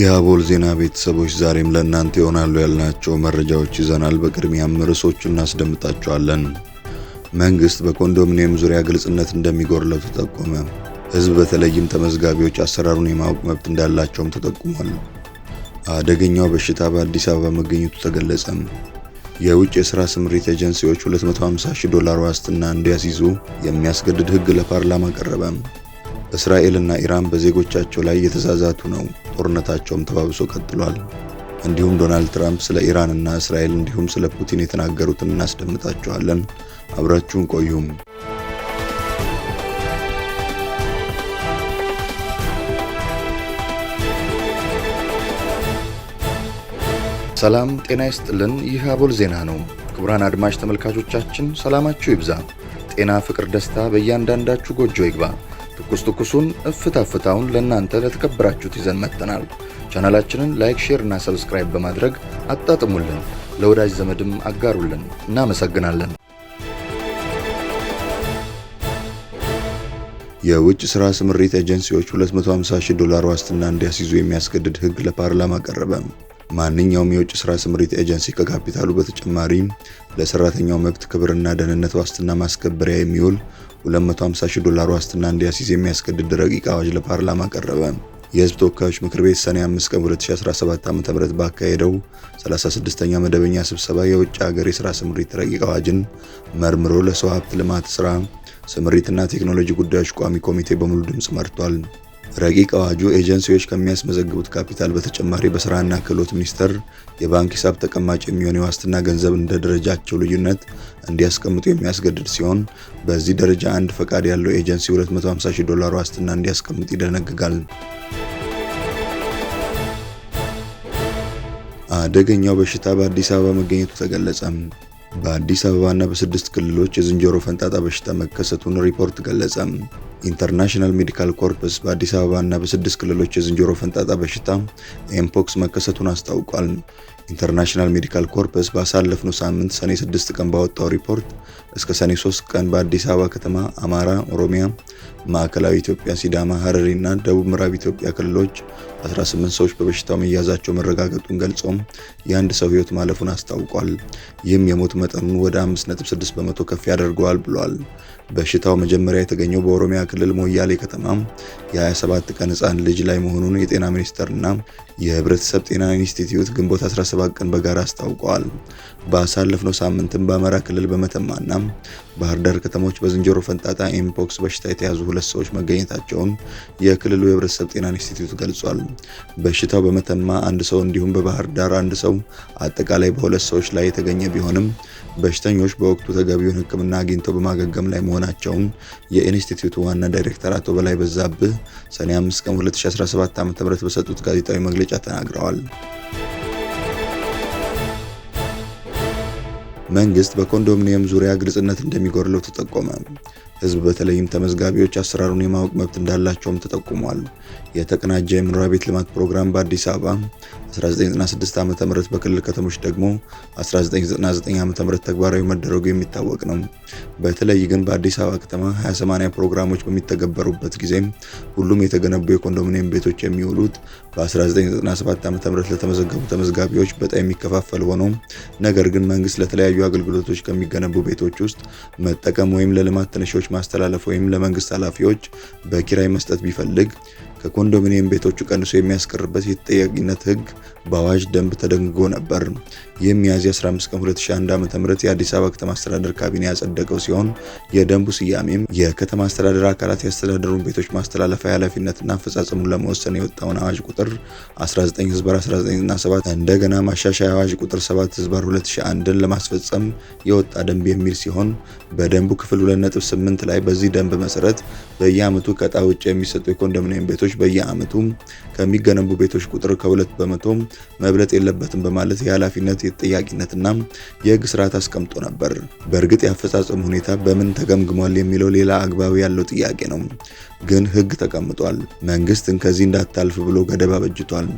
የአቦል ዜና ቤተሰቦች ዛሬም ለእናንተ ይሆናሉ ያልናቸው መረጃዎች ይዘናል። በቅድሚያም ርዕሶቹን እናስደምጣቸዋለን። መንግስት በኮንዶሚኒየም ዙሪያ ግልጽነት እንደሚጎርለው ተጠቆመ። ህዝብ በተለይም ተመዝጋቢዎች አሰራሩን የማወቅ መብት እንዳላቸውም ተጠቁሟል። አደገኛው በሽታ በአዲስ አበባ መገኘቱ ተገለጸ። የውጭ የሥራ ስምሪት ኤጀንሲዎች 250 ዶላር ዋስትና እንዲያስይዙ የሚያስገድድ ህግ ለፓርላማ ቀረበ። እስራኤልና ኢራን በዜጎቻቸው ላይ እየተዛዛቱ ነው። ጦርነታቸውም ተባብሶ ቀጥሏል። እንዲሁም ዶናልድ ትራምፕ ስለ ኢራንና እስራኤል እንዲሁም ስለ ፑቲን የተናገሩትን እናስደምጣቸዋለን። አብራችሁን ቆዩም። ሰላም ጤና ይስጥልን። ይህ አቦል ዜና ነው። ክቡራን አድማጭ ተመልካቾቻችን ሰላማችሁ ይብዛ፣ ጤና፣ ፍቅር፣ ደስታ በእያንዳንዳችሁ ጎጆ ይግባ። ትኩስ ትኩሱን እፍታ ፍታውን ለእናንተ ለተከበራችሁት ይዘን መጥተናል። ቻናላችንን ላይክ፣ ሼር እና ሰብስክራይብ በማድረግ አጣጥሙልን፣ ለወዳጅ ዘመድም አጋሩልን። እናመሰግናለን። የውጭ ስራ ስምሪት ኤጀንሲዎች 250 ሺህ ዶላር ዋስትና እንዲያስይዙ የሚያስገድድ ህግ ለፓርላማ ቀረበ። ማንኛውም የውጭ ስራ ስምሪት ኤጀንሲ ከካፒታሉ በተጨማሪ ለሰራተኛው መብት ክብርና ደህንነት ዋስትና ማስከበሪያ የሚውል 250 ሺህ ዶላር ዋስትና እንዲያስይዝ የሚያስገድድ ረቂቅ አዋጅ ለፓርላማ ቀረበ። የህዝብ ተወካዮች ምክር ቤት ሰኔ 5 ቀን 2017 ዓ.ም ባካሄደው 36ኛ መደበኛ ስብሰባ የውጭ ሀገር የሥራ ስምሪት ረቂቅ አዋጅን መርምሮ ለሰው ሀብት ልማት ሥራ ስምሪትና ቴክኖሎጂ ጉዳዮች ቋሚ ኮሚቴ በሙሉ ድምፅ መርቷል። ረቂቅ አዋጁ ኤጀንሲዎች ከሚያስመዘግቡት ካፒታል በተጨማሪ በስራና ክህሎት ሚኒስቴር የባንክ ሂሳብ ተቀማጭ የሚሆን የዋስትና ገንዘብ እንደ ደረጃቸው ልዩነት እንዲያስቀምጡ የሚያስገድድ ሲሆን በዚህ ደረጃ አንድ ፈቃድ ያለው ኤጀንሲ 250,000 ዶላር ዋስትና እንዲያስቀምጥ ይደነግጋል። አደገኛው በሽታ በአዲስ አበባ መገኘቱ ተገለጸ። በአዲስ አበባና በስድስት ክልሎች የዝንጀሮ ፈንጣጣ በሽታ መከሰቱን ሪፖርት ገለጸም ኢንተርናሽናል ሜዲካል ኮርፕስ በአዲስ አበባ እና በስድስት ክልሎች የዝንጀሮ ፈንጣጣ በሽታ ኤምፖክስ መከሰቱን አስታውቋል። ኢንተርናሽናል ሜዲካል ኮርፕስ ባሳለፍነው ሳምንት ሰኔ 6 ቀን ባወጣው ሪፖርት እስከ ሰኔ 3 ቀን በአዲስ አበባ ከተማ፣ አማራ፣ ኦሮሚያ፣ ማዕከላዊ ኢትዮጵያ፣ ሲዳማ፣ ሀረሪና ደቡብ ምዕራብ ኢትዮጵያ ክልሎች 18 ሰዎች በበሽታው መያዛቸው መረጋገጡን ገልጾም የአንድ ሰው ህይወት ማለፉን አስታውቋል። ይህም የሞት መጠኑን ወደ 5.6 በመቶ ከፍ ያደርገዋል ብሏል። በሽታው መጀመሪያ የተገኘው በኦሮሚያ ክልል ሞያሌ ከተማ የ27 ቀን ህፃን ልጅ ላይ መሆኑን የጤና ሚኒስቴርና የህብረተሰብ ጤና ኢንስቲትዩት ግንቦት 17 ቀን በጋራ አስታውቀዋል። ባሳለፍነው ሳምንትም በአማራ ክልል በመተማና ባህር ዳር ከተሞች በዝንጀሮ ፈንጣጣ ኤምፖክስ በሽታ የተያዙ ሁለት ሰዎች መገኘታቸውን የክልሉ የህብረተሰብ ጤና ኢንስቲትዩት ገልጿል። በሽታው በመተማ አንድ ሰው እንዲሁም በባህር ዳር አንድ ሰው አጠቃላይ በሁለት ሰዎች ላይ የተገኘ ቢሆንም በሽተኞች በወቅቱ ተገቢውን ሕክምና አግኝተው በማገገም ላይ መሆናቸውን የኢንስቲትዩቱ ዋና ዳይሬክተር አቶ በላይ በዛብህ ሰኔ 5 ቀን 2017 ም በሰጡት ጋዜጣዊ መግለጫ ተናግረዋል። መንግስት በኮንዶሚኒየም ዙሪያ ግልጽነት እንደሚጎድለው ተጠቆመ። ህዝብ በተለይም ተመዝጋቢዎች አሰራሩን የማወቅ መብት እንዳላቸውም ተጠቁሟል። የተቀናጀ የመኖሪያ ቤት ልማት ፕሮግራም በአዲስ አበባ 1996 ዓ ም በክልል ከተሞች ደግሞ 1999 ዓ ም ተግባራዊ መደረጉ የሚታወቅ ነው። በተለይ ግን በአዲስ አበባ ከተማ 28 ፕሮግራሞች በሚተገበሩበት ጊዜ ሁሉም የተገነቡ የኮንዶሚኒየም ቤቶች የሚውሉት በ1997 ዓ ም ለተመዘገቡ ተመዝጋቢዎች በጣም የሚከፋፈል ሆኖ ነገር ግን መንግስት ለተለያዩ አገልግሎቶች ከሚገነቡ ቤቶች ውስጥ መጠቀም ወይም ለልማት ትንሾች ማስተላለፍ ወይም ለመንግስት ኃላፊዎች በኪራይ መስጠት ቢፈልግ ከኮንዶሚኒየም ቤቶቹ ቀንሶ የሚያስቀርበት የተጠያቂነት ህግ በአዋጅ ደንብ ተደንግጎ ነበር። ይህም ሚያዝያ 15 ቀን 2001 ም የአዲስ አበባ ከተማ አስተዳደር ካቢኔ ያጸደቀው ሲሆን የደንቡ ስያሜም የከተማ አስተዳደር አካላት ያስተዳደሩን ቤቶች ማስተላለፊያ ኃላፊነትና አፈጻጸሙን ለመወሰን የወጣውን አዋጅ ቁጥር 19 ህዝበር 1997 እንደገና ማሻሻያ አዋጅ ቁጥር 7 ህዝበር 2001ን ለማስፈጸም የወጣ ደንብ የሚል ሲሆን በደንቡ ክፍል 2.8 ላይ በዚህ ደንብ መሰረት በየአመቱ ከጣ ውጭ የሚሰጡ የኮንዶሚኒየም ቤቶች ቤቶች በየአመቱ ከሚገነቡ ቤቶች ቁጥር ከሁለት በመቶ መብለጥ የለበትም በማለት የኃላፊነት የተጠያቂነትና የህግ ስርዓት አስቀምጦ ነበር። በእርግጥ የአፈጻጸም ሁኔታ በምን ተገምግሟል የሚለው ሌላ አግባብ ያለው ጥያቄ ነው። ግን ህግ ተቀምጧል። መንግስትን ከዚህ እንዳታልፍ ብሎ ገደብ አበጅቷል።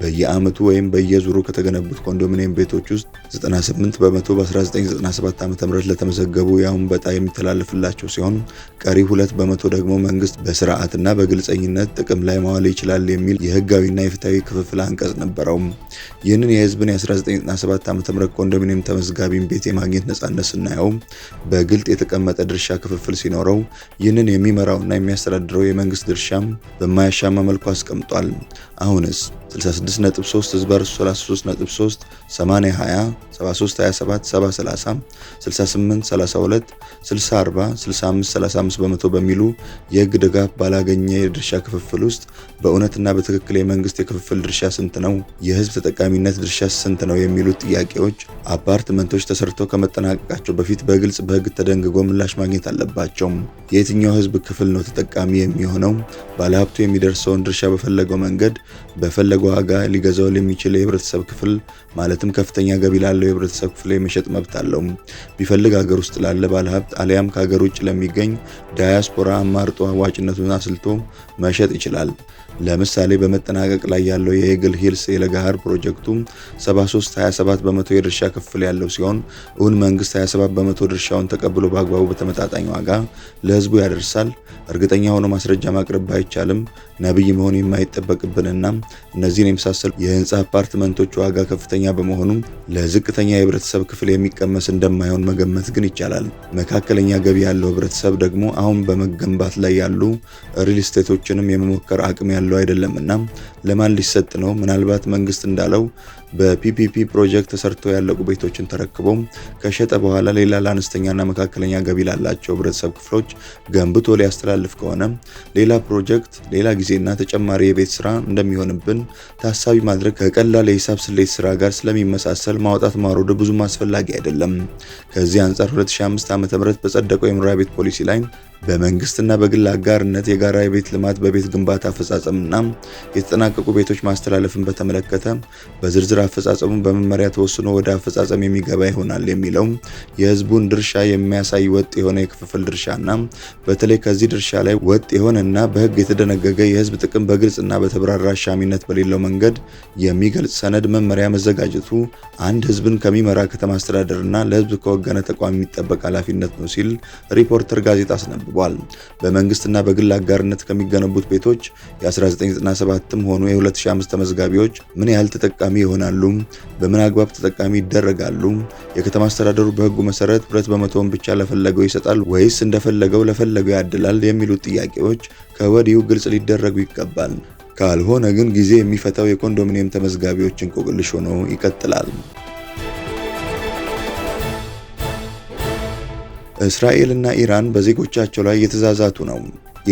በየአመቱ ወይም በየዙሩ ከተገነቡት ኮንዶሚኒየም ቤቶች ውስጥ 98 በመቶ በ1997 ዓ ም ለተመዘገቡ ያሁን በጣ የሚተላለፍላቸው ሲሆን ቀሪ ሁለት በመቶ ደግሞ መንግስት በስርዓትና በግልጸኝነት ጥቅም ላይ ማዋል ይችላል የሚል የህጋዊና የፍትሐዊ ክፍፍል አንቀጽ ነበረውም። ይህንን የህዝብን የ1997 ዓ ም ኮንዶሚኒየም ተመዝጋቢን ቤት የማግኘት ነጻነት ስናየው በግልጥ የተቀመጠ ድርሻ ክፍፍል ሲኖረው ይህንን የሚመራውና የሚያስተዳድረው የመንግስት ድርሻም በማያሻማ መልኩ አስቀምጧል። አሁንስ 66.3 ዝበር 33.3 20 73 27 68 32 60 40 65 35 በመቶ በሚሉ የህግ ድጋፍ ባላገኘ የድርሻ ክፍፍል ውስጥ በእውነትና በትክክል የመንግስት የክፍፍል ድርሻ ስንት ነው? የህዝብ ተጠቃሚነት ድርሻ ስንት ነው? የሚሉት ጥያቄዎች አፓርትመንቶች ተሰርተው ከመጠናቀቃቸው በፊት በግልጽ በህግ ተደንግጎ ምላሽ ማግኘት አለባቸው። የየትኛው ህዝብ ክፍል ነው ተጠቃሚ የሚሆነው? ባለሀብቱ የሚደርሰውን ድርሻ በፈለገው መንገድ በፈለገው ዋጋ ሊገዛው ለሚችል የህብረተሰብ ክፍል ማለትም ከፍተኛ ገቢ ላለው የህብረተሰብ ክፍል የመሸጥ መብት አለው። ቢፈልግ ሀገር ውስጥ ላለ ባለሀብት አሊያም ከሀገር ውጭ ለሚገኝ ዳያስፖራ አማርጦ አዋጭነቱን አስልቶ መሸጥ ይችላል። ለምሳሌ በመጠናቀቅ ላይ ያለው የኤግል ሂልስ የለጋሃር ፕሮጀክቱ 73 27 በመቶ የድርሻ ክፍል ያለው ሲሆን እሁን መንግስት 27 በመቶ ድርሻውን ተቀብሎ በአግባቡ በተመጣጣኝ ዋጋ ለህዝቡ ያደርሳል። እርግጠኛ ሆኖ ማስረጃ ማቅረብ ባይቻልም ነብይ መሆን የማይጠበቅብንና እነዚህን የመሳሰሉ የህንፃ አፓርትመንቶች ዋጋ ከፍተኛ በመሆኑ ለዝቅተኛ የህብረተሰብ ክፍል የሚቀመስ እንደማይሆን መገመት ግን ይቻላል። መካከለኛ ገቢ ያለው ህብረተሰብ ደግሞ አሁን በመገንባት ላይ ያሉ ሪል ስቴቶችንም የመሞከር አቅም ያለው ያለው አይደለም እና ለማን ሊሰጥ ነው? ምናልባት መንግስት እንዳለው በፒፒፒ ፕሮጀክት ተሰርተው ያለቁ ቤቶችን ተረክቦ ከሸጠ በኋላ ሌላ ለአነስተኛና መካከለኛ ገቢ ላላቸው ህብረተሰብ ክፍሎች ገንብቶ ሊያስተላልፍ ከሆነ ሌላ ፕሮጀክት፣ ሌላ ጊዜና ተጨማሪ የቤት ስራ እንደሚሆንብን ታሳቢ ማድረግ ከቀላል የሂሳብ ስሌት ስራ ጋር ስለሚመሳሰል ማውጣት ማውረዱ ብዙም አስፈላጊ አይደለም። ከዚህ አንጻር 2005 ዓ ም በጸደቀው የመኖሪያ ቤት ፖሊሲ ላይ በመንግስትና በግል አጋርነት የጋራ የቤት ልማት በቤት ግንባታ አፈጻጸምና የተጠናቀቁ ቤቶች ማስተላለፍን በተመለከተ በዝርዝር አፈጻጸሙ በመመሪያ ተወስኖ ወደ አፈጻጸም የሚገባ ይሆናል የሚለው የህዝቡን ድርሻ የሚያሳይ ወጥ የሆነ የክፍፍል ድርሻና በተለይ ከዚህ ድርሻ ላይ ወጥ የሆነና በህግ የተደነገገ የህዝብ ጥቅም በግልጽና በተብራራ ሻሚነት በሌለው መንገድ የሚገልጽ ሰነድ መመሪያ መዘጋጀቱ አንድ ህዝብን ከሚመራ ከተማ አስተዳደርና ለህዝብ ከወገነ ተቋም የሚጠበቅ ኃላፊነት ነው ሲል ሪፖርተር ጋዜጣ አስነብቧል። በመንግስትና በግል አጋርነት ከሚገነቡት ቤቶች የ1997ም ሆኑ የ2005 ተመዝጋቢዎች ምን ያህል ተጠቃሚ ይሆናሉ ይሆናሉ? በምን አግባብ ተጠቃሚ ይደረጋሉ? የከተማ አስተዳደሩ በህጉ መሰረት ሁለት በመቶውን ብቻ ለፈለገው ይሰጣል ወይስ እንደፈለገው ለፈለገው ያድላል? የሚሉት ጥያቄዎች ከወዲሁ ግልጽ ሊደረጉ ይገባል። ካልሆነ ግን ጊዜ የሚፈታው የኮንዶሚኒየም ተመዝጋቢዎች እንቆቅልሽ ሆኖ ይቀጥላል። እስራኤልና ኢራን በዜጎቻቸው ላይ እየተዛዛቱ ነው።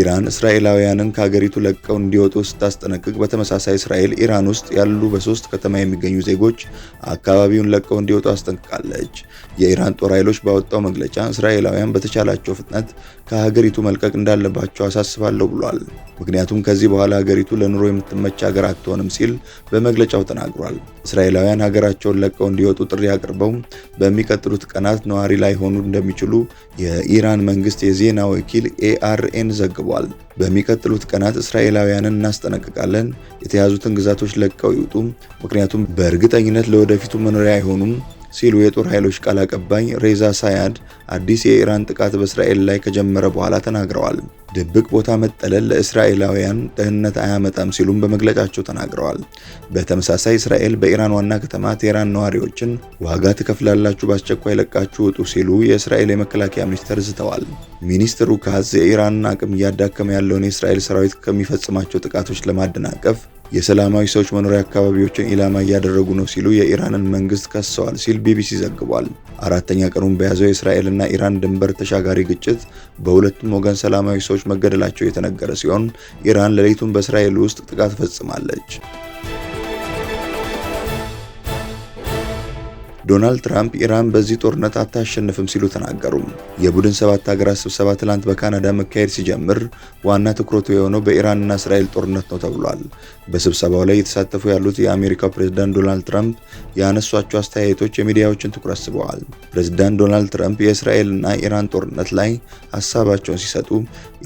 ኢራን እስራኤላውያንን ከሀገሪቱ ለቀው እንዲወጡ ስታስጠነቅቅ፣ በተመሳሳይ እስራኤል ኢራን ውስጥ ያሉ በሶስት ከተማ የሚገኙ ዜጎች አካባቢውን ለቀው እንዲወጡ አስጠንቅቃለች። የኢራን ጦር ኃይሎች ባወጣው መግለጫ እስራኤላውያን በተቻላቸው ፍጥነት ከሀገሪቱ መልቀቅ እንዳለባቸው አሳስባለሁ ብሏል። ምክንያቱም ከዚህ በኋላ ሀገሪቱ ለኑሮ የምትመች ሀገር አትሆንም ሲል በመግለጫው ተናግሯል። እስራኤላውያን ሀገራቸውን ለቀው እንዲወጡ ጥሪ አቅርበው በሚቀጥሉት ቀናት ነዋሪ ሆኑ እንደሚችሉ የኢራን መንግስት የዜና ወኪል ኤአርኤን ዘግቧል። አስረክቧል። በሚቀጥሉት ቀናት እስራኤላውያንን እናስጠነቅቃለን፣ የተያዙትን ግዛቶች ለቀው ይውጡም፣ ምክንያቱም በእርግጠኝነት ለወደፊቱ መኖሪያ አይሆኑም ሲሉ የጦር ኃይሎች ቃል አቀባይ ሬዛ ሳያድ አዲስ የኢራን ጥቃት በእስራኤል ላይ ከጀመረ በኋላ ተናግረዋል። ድብቅ ቦታ መጠለል ለእስራኤላውያን ደህንነት አያመጣም ሲሉም በመግለጫቸው ተናግረዋል። በተመሳሳይ እስራኤል በኢራን ዋና ከተማ ቴህራን ነዋሪዎችን ዋጋ ትከፍላላችሁ፣ በአስቸኳይ ለቃችሁ ውጡ ሲሉ የእስራኤል የመከላከያ ሚኒስትር ዝተዋል። ሚኒስትሩ ካዝ የኢራንን አቅም እያዳከመ ያለውን የእስራኤል ሰራዊት ከሚፈጽማቸው ጥቃቶች ለማደናቀፍ የሰላማዊ ሰዎች መኖሪያ አካባቢዎችን ኢላማ እያደረጉ ነው ሲሉ የኢራንን መንግስት ከሰዋል ሲል ቢቢሲ ዘግቧል። አራተኛ ቀኑን በያዘው የእስራኤልና ኢራን ድንበር ተሻጋሪ ግጭት በሁለቱም ወገን ሰላማዊ ሰዎች መገደላቸው የተነገረ ሲሆን ኢራን ሌሊቱን በእስራኤል ውስጥ ጥቃት ፈጽማለች። ዶናልድ ትራምፕ ኢራን በዚህ ጦርነት አታሸንፍም ሲሉ ተናገሩ። የቡድን ሰባት ሀገራት ስብሰባ ትላንት በካናዳ መካሄድ ሲጀምር ዋና ትኩረቱ የሆነው በኢራንና እስራኤል ጦርነት ነው ተብሏል። በስብሰባው ላይ የተሳተፉ ያሉት የአሜሪካው ፕሬዝዳንት ዶናልድ ትራምፕ ያነሷቸው አስተያየቶች የሚዲያዎችን ትኩረት ስበዋል። ፕሬዝዳንት ዶናልድ ትራምፕ የእስራኤልና ኢራን ጦርነት ላይ ሀሳባቸውን ሲሰጡ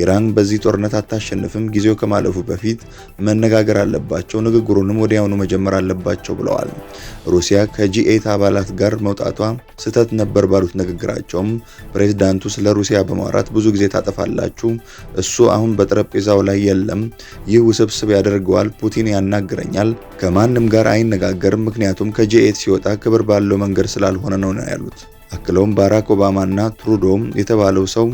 ኢራን በዚህ ጦርነት አታሸንፍም፣ ጊዜው ከማለፉ በፊት መነጋገር አለባቸው፣ ንግግሩንም ወዲያውኑ መጀመር አለባቸው ብለዋል። ሩሲያ ከጂ8 አባላት ሀገራት ጋር መውጣቷ ስህተት ነበር ባሉት ንግግራቸውም ፕሬዝዳንቱ ስለ ሩሲያ በማውራት ብዙ ጊዜ ታጠፋላችሁ፣ እሱ አሁን በጠረጴዛው ላይ የለም። ይህ ውስብስብ ያደርገዋል። ፑቲን ያናግረኛል፣ ከማንም ጋር አይነጋገርም፣ ምክንያቱም ከጄኤት ሲወጣ ክብር ባለው መንገድ ስላልሆነ ነው ያሉት። አክለውም ባራክ ኦባማና ትሩዶም የተባለው ሰው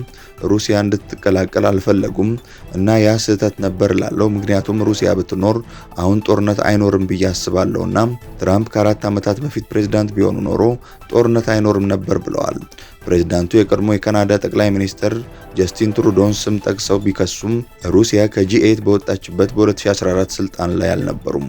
ሩሲያ እንድትቀላቀል አልፈለጉም እና ያ ስህተት ነበር ላለው ምክንያቱም ሩሲያ ብትኖር አሁን ጦርነት አይኖርም ብዬ አስባለሁ እና ትራምፕ ከአራት ዓመታት በፊት ፕሬዝዳንት ቢሆኑ ኖሮ ጦርነት አይኖርም ነበር ብለዋል። ፕሬዝዳንቱ የቀድሞ የካናዳ ጠቅላይ ሚኒስትር ጀስቲን ትሩዶን ስም ጠቅሰው ቢከሱም ሩሲያ ከጂ8 በወጣችበት በ2014 ስልጣን ላይ አልነበሩም።